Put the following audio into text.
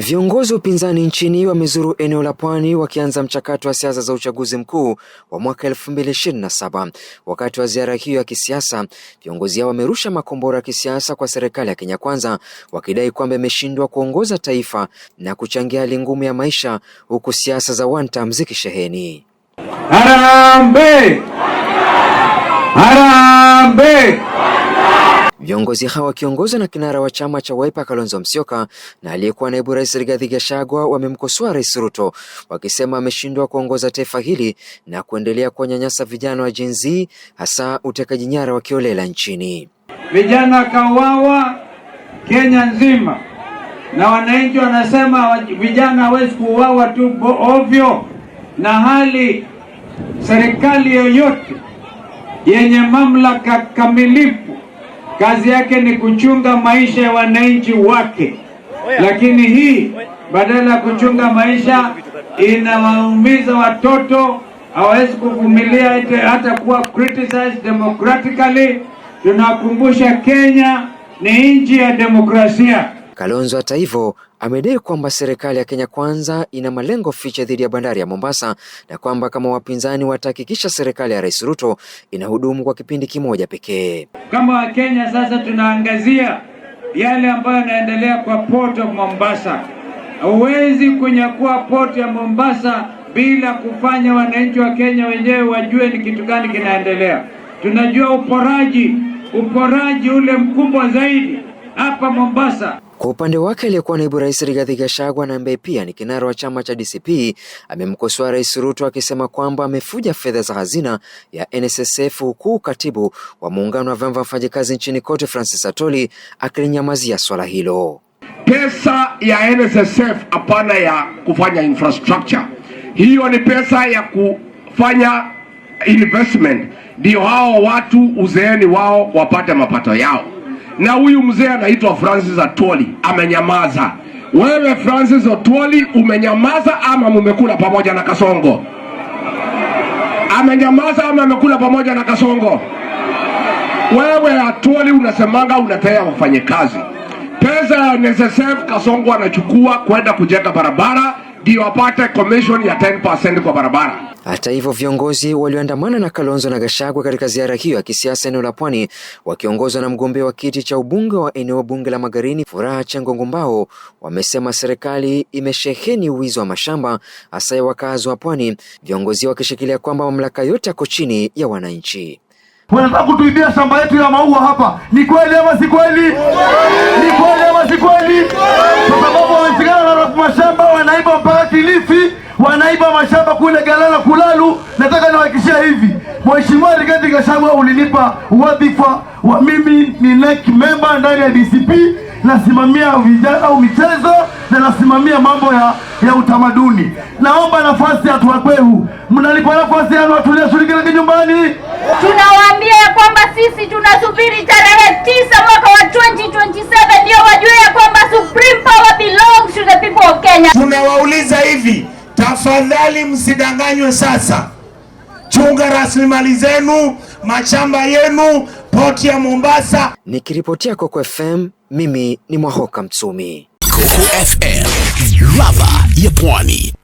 Viongozi wa upinzani nchini wamezuru eneo la Pwani wakianza mchakato wa siasa za uchaguzi mkuu wa mwaka 2027. Wakati wa ziara hiyo ya kisiasa, viongozi hao wamerusha makombora ya kisiasa kwa serikali ya Kenya Kwanza, wakidai kwamba imeshindwa kuongoza taifa na kuchangia hali ngumu ya maisha, huku siasa za one term zikisheheni. Harambee! Harambee! Viongozi hao wakiongozwa na kinara wa chama cha Wiper Kalonzo Musyoka na aliyekuwa naibu rais Rigathi Gachagua wamemkosoa Rais Ruto wakisema ameshindwa kuongoza taifa hili na kuendelea kuwanyanyasa vijana wa Gen Z hasa utekaji nyara wa kiolela nchini. Vijana kauawa Kenya nzima na wananchi wanasema vijana hawezi kuuawa tu ovyo, na hali serikali yoyote yenye mamlaka kamilifu Kazi yake ni kuchunga maisha ya wananchi wake, lakini hii badala ya kuchunga maisha inawaumiza watoto, hawawezi kuvumilia hata kuwa criticized democratically. Tunakumbusha Kenya ni nchi ya demokrasia. Kalonzo hata hivyo amedai kwamba serikali ya Kenya Kwanza ina malengo fiche dhidi ya bandari ya Mombasa na kwamba kama wapinzani watahakikisha serikali ya Rais Ruto inahudumu kwa kipindi kimoja pekee. Kama Wakenya sasa tunaangazia yale ambayo yanaendelea kwa port of Mombasa. Huwezi kunyakua port ya Mombasa bila kufanya wananchi wa Kenya wenyewe wajue ni kitu gani kinaendelea. Tunajua uporaji, uporaji ule mkubwa zaidi hapa Mombasa. Kwa upande wake aliyekuwa naibu rais Rigathi Gachagua na ambaye pia ni kinara wa chama cha DCP amemkosoa Rais Ruto akisema kwamba amefuja fedha za hazina ya NSSF, huku katibu wa muungano wa vyama vya wafanyakazi nchini kote Francis Atoli akilinyamazia swala hilo. Pesa ya NSSF hapana ya kufanya infrastructure, hiyo ni pesa ya kufanya investment, ndio hao watu uzeeni wao wapate mapato yao na huyu mzee anaitwa Francis Atwoli amenyamaza. Wewe Francis Atwoli umenyamaza ama mumekula pamoja na Kasongo? Amenyamaza ama amekula pamoja na Kasongo? Wewe Atwoli unasemanga unatea kazi pesa ya NSSF Kasongo anachukua kwenda kujenga barabara ndio apate commission ya 10% kwa barabara. Hata hivyo viongozi walioandamana na Kalonzo na gashagwa katika ziara hiyo ya kisiasa eneo la Pwani wakiongozwa na mgombea wa kiti cha ubunge wa eneo bunge la Magarini Furaha Chengo Ngumbao wamesema serikali imesheheni wizi wa mashamba hasa ya wakazi wa Pwani, viongozi wakishikilia kwamba mamlaka yote yako chini ya wananchi. Unataka kutuibia shamba yetu ya maua hapa, ni kweli ama si kweli? Ni kweli ama si kweli? kuhakikishia hivi, Mheshimiwa Rigathi Gachagua, ulinipa wadhifa wa mimi ni NEC member ndani ya DCP, nasimamia vijana au michezo na nasimamia mambo ya, ya utamaduni. Naomba nafasi ya tuwakweu, mnalipa nafasi ya watu walioshiriki na nyumbani. Tunawaambia ya kwamba sisi tunasubiri tarehe tisa mwaka wa 2027 ndio wajue ya kwamba supreme power belongs to the people of Kenya. Tumewauliza hivi, tafadhali msidanganywe sasa chunga rasilimali zenu, mashamba yenu, poti ya Mombasa. Nikiripotia Coco FM, mimi ni Mwahoka Mtsumi. Coco FM, ladha ya Pwani.